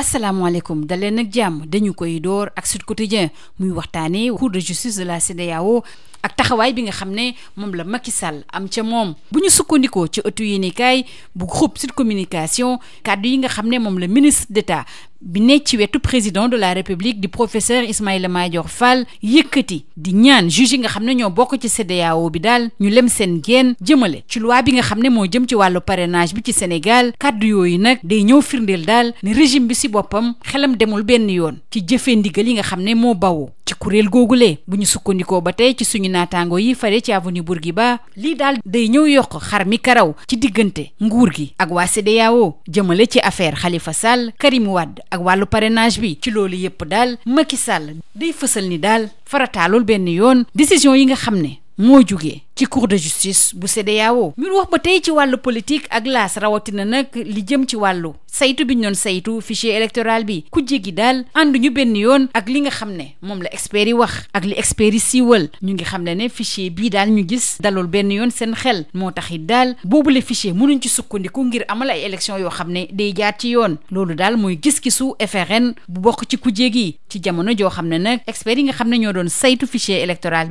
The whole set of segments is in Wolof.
asalaamaaleykum daleen nag jàmm dañu koy door ak Sud Quotidien muy waxtaanee cour de justice de la CEDEAO ak taxawaay bi nga xam ne moom la Macky Sall am ca moom bu ñu sukkandikoo ci ëttu yéenekaay bu groupe Sud Communication kàddu yi nga xam ne moom la ministre d'État bi ne ci wetu président de la république di professeur Ismaïla Madior Fall yëkkati di ñaan juge yi nga xam ne ñoo bokk ci CEDEAO bi daal ñu lem seen geen jëmale ci loi bi nga xam ne moo jëm ci wàllu parrainage bi ci Sénégal kàddu yooyu nag day ñëw firndeel daal ne régime bi si boppam xelam demul benn yoon ci jëfee yi nga xam ne moo bawoo ci googu le bu ñu sukkandikoo ba tey ci suñu naataango yi faree ci avenue Bourguiba lii daal day ñëw yokk xar mi karaw ci diggante nguur gi ak waa CEDEAO jëmale ci affaire Khalifa Sall Karim wadd ak wàllu parrainage bi ci loolu yépp daal Macky Sall day fësal ni daal farataalul benn yoon décision yi nga xam ne moo jugee ci cour de justice bu CEDEAO ñun wax ba tey ci wàllu politique ak laas rawatina nag li jëm ci wàllu saytu bi ñu doon saytu fichier électoral bi ku jéggi daal ànduñu benn yoon ak li nga xam ne moom la experts yi wax ak li experts ñu ngi xam ne ne fichier bii daal ñu gis dalul benn yoon seen xel moo tax it daal boobu le ci sukkandiku ngir amal ay élection yoo xam ne day jaar ci yoon loolu daal mooy gis-gisu FRN bu bokk ci ku jéggi ci jamono joo xam ne nag experts yi nga xam ne ñoo doon saytu fichier électoral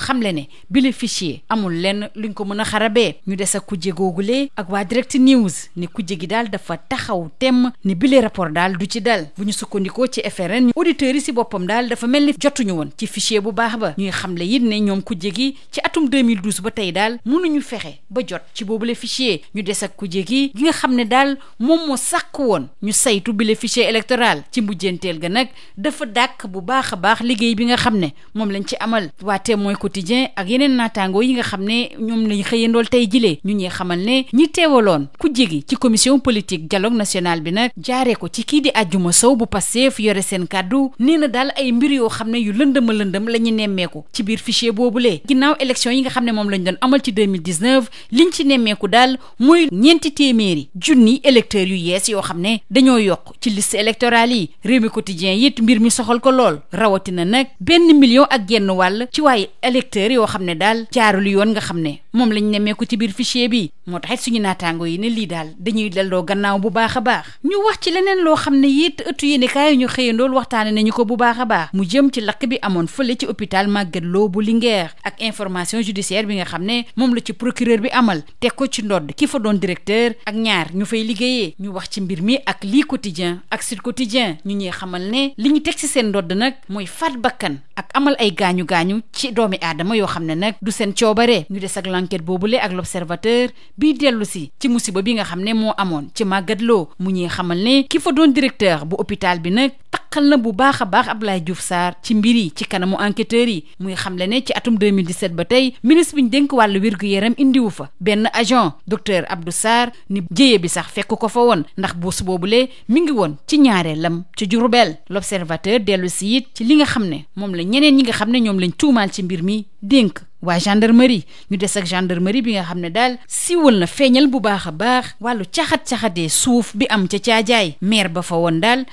xamle ne bi fichier amul lenn luñ ko mën a xarabee ñu des ak kujje googule ak waa direct news ni kujje gi daal dafa taxaw temm ni bile rapport daal du ci dal bu ñu sukkandikoo ci FRN auditeurs yi si boppam daal dafa mel ni jotuñu woon bu baax ba ñuy xamle it ne ñoom kujje gi ci atum 2012 ba tey daal mënuñu fexe ba jot ci boobule fichier ñu des ak kujje gi gi nga xam ne daal moom moo sàkk woon ñu saytu bile fichier électoral ci mujjanteel ga nag dafa dàkk bu baax a baax liggéey bi nga xam ne moom lañ ci amal waa Témoin Quotidien ak yeneen naat naataangoo yi nga xam ne ñoom lañ xëyandool tey jilee ñu ñuy xamal ne ñi teewaloon ku jégi ci commission politique dialogue national bi nag jaaree ko ci kii di àjjuma sow bu Pastef yore seen kàddu nee daal ay mbir yoo xam ne yu lëndëma lëndëm la ñu nemmeeku ci biir fichier boobulee ginnaaw élection yi nga xam ne moom lañ doon amal ci 2019 nemmeeku daal mooy ñeenti téeméeri junni électeurs yu yees yoo xam ne dañoo yokk ci liste électorale yi réew mi quotidien it mbir mi soxal ko lool rawatina daal jaarul yoon nga xam ne moom lañ nemmeeku ci biir fichier bi moo tax it ñu naataango yi ne lii daal dañuy delloo gannaaw bu baax a baax ñu wax ci leneen loo xam ne it ëttu yi ñu xëyandool waxtaane nañu ko bu baax a baax mu jëm ci lakk bi amoon fële ci hôpital Magatte Lô bu Linguère ak information judiciaire bi nga xam ne moom la ci procureur bi amal teg ko ci ndodd ki fa doon directeur ak ñaar ñu fay liggéeyee ñu wax ci mbir mi ak lii quotidien ak Sud Quotidien ñu ñuy xamal ne li ñu teg ci seen ndodd nag mooy faat bakkan ak amal ay gaañu gaañu ci doomi aadama yoo xam ne nag du seen coobare ñu des ak enquête boobule ak l'observateur bii dellu si ci musiba bi nga xam ne moo amoon ci Magatte Lô mu ñuy xamal ne ki fa doon directeur bu hôpital bi nag taqal na bu baax a baax Abdoulaye Diouf saar ci mbir yi ci kanamu enquêteurs yi muy xamle ne ci atum 2017 ba tey ministre bi ñu denk wàllu wér gu indi wu fa benn agent docteur Abdou saar ni jéye bi sax fekk ko fa woon ndax buus boobule mi ngi woon ci ñaareelam ci Diourbel l'observateur dellu si it ci li nga xam ne moom la ñeneen ñi nga xam ne ñoom lañ tuumaal ci mbir mi dénk waa gendarmerie ñu des ak gendarmerie bi nga xam ne daal siiwal na feeñal bu baax a baax wàllu caxat-caxatee suuf bi am ca caajaay maire ba fa daal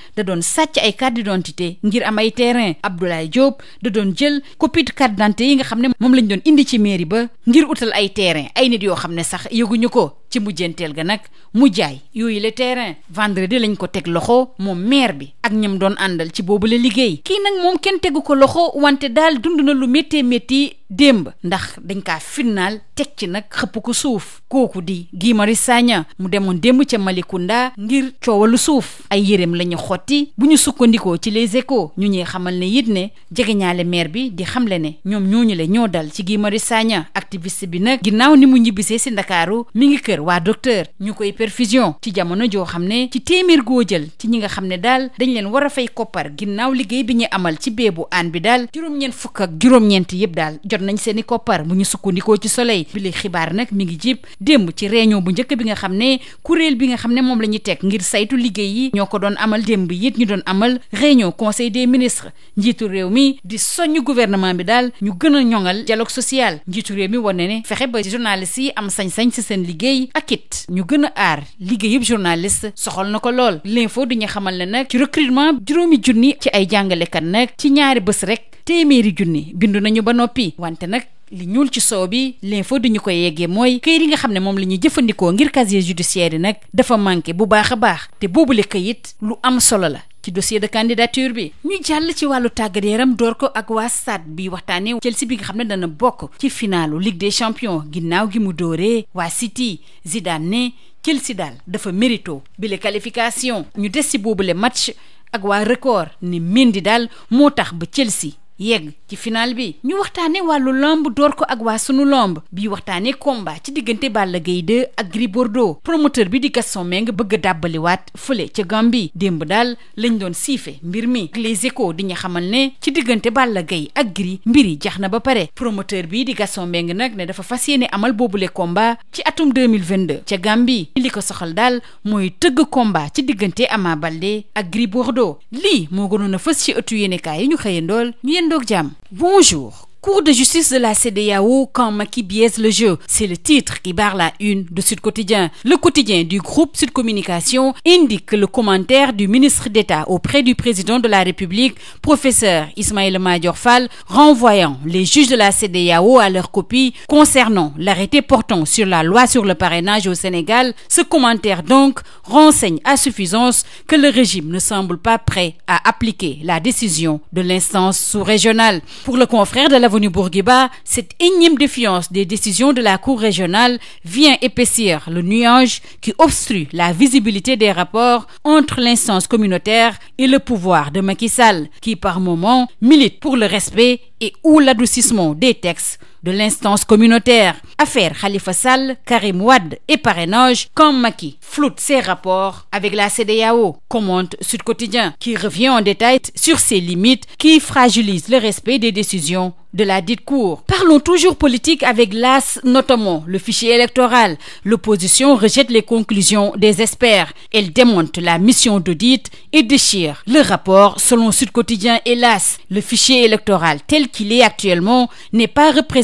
ay carte d'identité ngir am ay terrain Abdoulaye Diop da doon jël copie de carte d'identité yi nga xam ne moom lañ doon indi ci mairie ba ngir utal ay terrain ay nit yoo xam ne sax yëguñu ko ci mujjanteel ga nag mu jaay yooyu le terrain vendredi lañ ko teg loxo moom maire bi ak ñam doon àndal ci boobu la liggéey kii nag moom kenn tegu ko loxo wante daal dund na lu méttee métti démb ndax dañ kaa finnaal teg ci nag xëpp ko suuf kooku di Guy Marius Sagna mu demoon démb ca Malicounda ngir coowalu suuf ay yéreem la ñu xotti bu ñu sukkandikoo ci les échos ñu ñuy xamal ne it ne jege ñaale maire bi di le ne ñoom ñu le ñoo dal ci Guy Marius Sagna activiste bi nag ginnaaw ni mu ñibbisee si Ndakaaru mi ngi kër docteur waa docteur ñu koy perfusion ci jamono joo xam ne ci téeméer goo jël ci ñi nga xam ne daal dañ leen war a fay koppar ginnaaw liggéey bi ñu amal ci beebu aan bi daal juróom-ñeent fukk ak juróom-ñeent yëpp daal jot nañ seeni koppar bu ñu sukkandikoo ci soleil bi li xibaar nag mi ngi jib démb ci réunion bu njëkk bi nga xam ne kuréel bi nga xam ne moom la ñuy teg ngir saytu liggéey yi ñoo ko doon amal démb it ñu doon amal réunion conseil des ministres njiitu réew mi di soññ gouvernement bi daal ñu gën a ñoŋal dialogue social njiitu réew mi wane ne fexe ba journalistes yi am sañ-sañ ci seen liggéey ak it ñu gën a aar liggéeyub journaliste soxol na ko lool l'info di ñu xamal ne nag ci recrutement juróomi junni ci ay jàngalekat nag ci ñaari bës rek téeméeri junni bindu nañu ba noppi wante nag li ñuul ci soow bi l'info ñu koy yeggee mooy këyit yi nga xam ne moom la ñuy jëfandikoo ngir casier judiciaire yi nag dafa manqué bu baax a baax te boobu boobule këyit lu am solo la ci dossier de candidature bi ñu jàll ci wàllu tàggat yaram door ko ak waa stade bi waxtaanee Chelsea bi nga xam ne dana bokk ci finaalu Ligue des champions ginnaaw gi mu dooree waa City Zidane ne Chelsea daal dafa mérito bile qualification ñu des ci boobule match ak waa record ni Mendy daal moo tax ba Chelsea yegg ci final bi ñu waxtaane wàllu lomb door ko ak waa sunu lomb bii waxtaane combat ci diggante Balla Gaye 2 ak Gris Bordeaux promoteur bi di Gaston Mbengue bëgg a dàbbaliwaat fële ca Gambie démb daal lañ doon siife mbir mi Les Échos di ñu xamal ne ci diggante Balla Gaye ak Gris mbir yi jax na ba pare promoteur bii di Gaston Mbengue nag ne dafa fas yéene amal boobule komba ci atum 2022 ca Gambie li ko soxal daal mooy tëgg combat ci diggante Ama Baldé ak Gris Bordeaux lii moo gënoon a fës ci ëttu yéenekaay yi ñu xëyandool àndoog jàmm bonjour Cour de justice de la CEDEAO quand Macky biaise le jeu. C'est le titre qui barre la une de Sud Quotidien. Le quotidien du groupe Sud Communication indique le commentaire du ministre d'État auprès du président de la République, professeur Ismaïla Madior Fall, renvoyant les juges de la CEDEAO à leur copie concernant l'arrêté portant sur la loi sur le parrainage au Sénégal. Ce commentaire donc renseigne à suffisance que le régime ne semble pas prêt à appliquer la décision avenue Bourguiba, cette énième défiance des décisions de la Cour régionale vient épaissir le nuage qui obstrue la visibilité des rapports entre l'instance communautaire et le pouvoir de Macky Sall, qui par moments milite pour le respect et ou l'adoucissement des textes de l'instance communautaire. Affaire Khalifa Sall, Karim Wad et parrainage, quand Maki floute ses rapports avec la CEDEAO, commente Sud Quotidien, qui revient en détail sur ses limites qui fragilisent le respect des décisions de la dite cour. Parlons toujours politique avec l'AS, notamment le fichier électoral. L'opposition rejette les conclusions des experts. Elle démonte la mission d'audit et déchire le rapport selon Sud Quotidien et l'AS. Le fichier électoral tel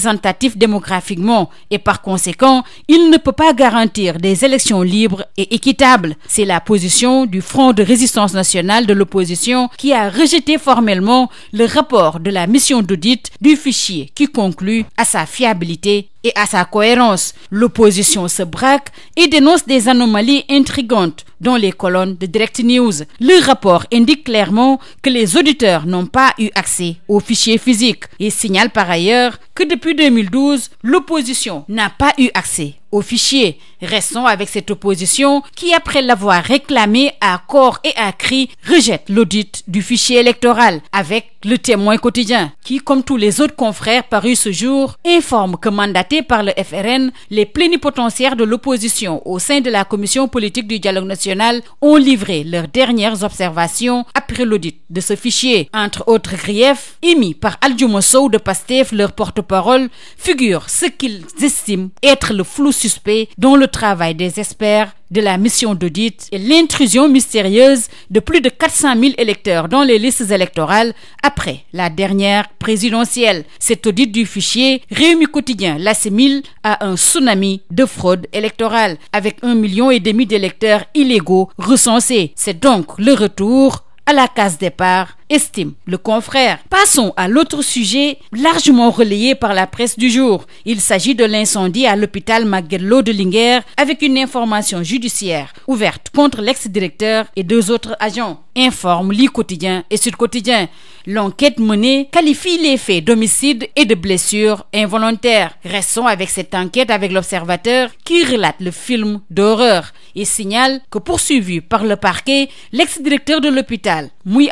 représentatif démographiquement et par conséquent, il ne peut pas garantir des élections libres et équitables. C'est la position du Front de résistance nationale de l'opposition qui a rejeté formellement le rapport de la mission d'audit du fichier qui conclut à sa fiabilité à sa cohérence. L'opposition se braque et dénonce des anomalies intrigantes dans les colonnes de Direct News. Le rapport indique clairement que les auditeurs n'ont pas eu accès aux fichiers physiques et signale par ailleurs que depuis 2012, l'opposition n'a pas eu accès au fichier. Restons avec cette opposition qui, après l'avoir réclamé à corps et à cri, rejette l'audit du fichier électoral avec le témoin quotidien qui, comme tous les autres confrères parus ce jour, informe que mandatés par le FRN, les plénipotentiaires de l'opposition au sein de la commission politique du dialogue national ont livré leurs dernières observations après l'audit de ce fichier. Entre autres griefs émis par Aldiouma Sow de Pastef, leur suspects, dont le travail des experts de la mission d'audit et l'intrusion mystérieuse de plus de 400 000 électeurs dans les listes électorales après la dernière présidentielle. Cet audit du fichier Rewmi Quotidien l'assimile e à un tsunami de fraude électorale avec un million et demi d'électeurs illégaux recensés. C'est donc le retour à la case départ estime le confrère. Passons à l'autre sujet largement relayé par la presse du jour. Il s'agit de l'incendie à l'hôpital Magatte Lô de Linguère avec une information judiciaire ouverte contre l'ex-directeur et deux autres agents. Informe li Quotidien et Sud Quotidien. L'enquête menée qualifie les faits d'homicide et de blessures involontaires. Restons avec cette enquête avec l'Observateur qui relate le film d'horreur et signale que poursuivi par le parquet, l'ex-directeur de l'hôpital, Mouy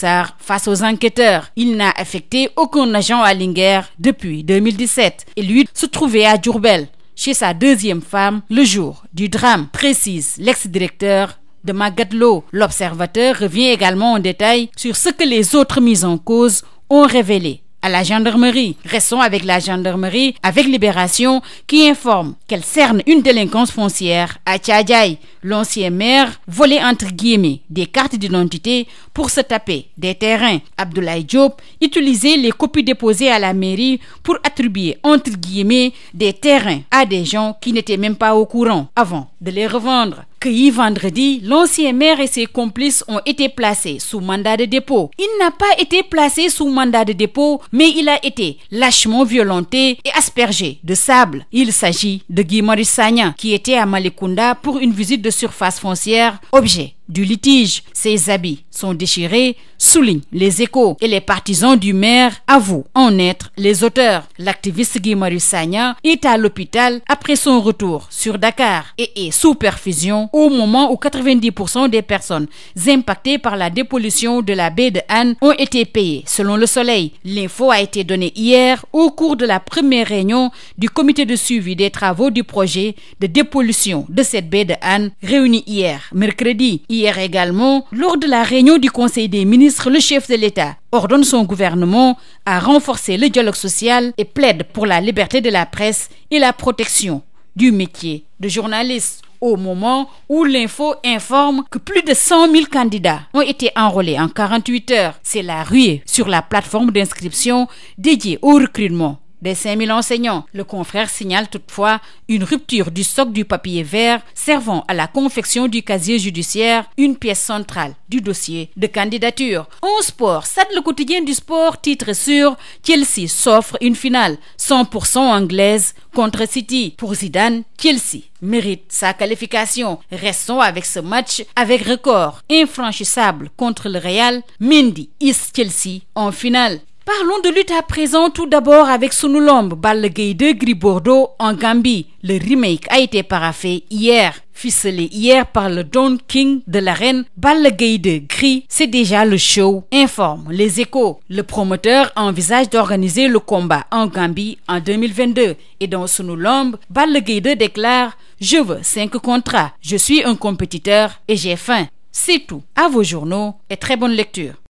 Sarr face aux enquêteurs. Il n'a affecté aucun agent à Linguère depuis 2017 et lui se trouvait à Diourbel chez sa deuxième femme le jour du drame, précise l'ex-directeur de Magatte Lô. L'observateur revient également en détail sur ce que les autres mises en cause ont révélé. à la gendarmerie. Restons avec la gendarmerie, avec Libération, qui informe qu'elle cerne une délinquance foncière à Tchadjaï. L'ancien maire volait entre guillemets des cartes d'identité pour se taper des terrains. Abdoulaye Diop utilisait les copies déposées à la mairie pour attribuer entre guillemets des terrains à des gens qui n'étaient même pas au courant avant de les revendre. Cueilli vendredi, l'ancien maire et ses complices ont été placés sous mandat de dépôt. Il n'a pas été placé sous mandat de dépôt, mais il a été lâchement violenté et aspergé de sable. Il s'agit de Guy Marius Sagna, qui était à Malicounda pour une visite de surface foncière, objet du litige. Ses habits sont déchirés, soulignent les échos et les partisans du maire avouent en être les auteurs. L'activiste Guy Marius Sagna est à l'hôpital après son retour sur Dakar et est sous perfusion au moment où 90% des personnes impactées par la dépollution de la baie de Anne ont été payées, selon Le Soleil. L'info a été donnée hier au cours de la première réunion du comité de suivi des travaux du projet de dépollution de cette baie de Anne réunie hier, mercredi. Hier également, lors réunion du Conseil des ministres, le chef de l'État ordonne son gouvernement à renforcer le dialogue social et plaide pour la liberté de la presse et la protection du métier de journaliste au moment où l'info informe que plus de 100 000 candidats ont été enrôlés en 48 heures. C'est la ruée sur la plateforme d'inscription dédiée au recrutement des 5000 enseignants. Le confrère signale toutefois une rupture du socle du papier vert servant à la confection du casier judiciaire, une pièce centrale du dossier de candidature. En sport, Stade le quotidien du sport titre sur Chelsea s'offre une finale 100% anglaise contre City. Pour Zidane, Chelsea mérite sa qualification. Restons avec ce match avec record infranchissable contre le Real. Mendy is Chelsea en finale. Parlons de lutte à présent tout d'abord avec Sunu Lamb Balla Gaye 2 Gris Bordeaux en Gambie. Le remake a été paraphé hier, ficelé hier par le Don King de l'arène. Balla Gaye 2 Gris, c'est déjà le show, informe Les Échos. Le promoteur envisage d'organiser le combat en Gambie en 2022 et dans Sunu Lamb, Balla Gaye 2 déclare "Je veux cinq contrats. Je suis un compétiteur et j'ai faim." C'est tout. À vos journaux et très bonne lecture.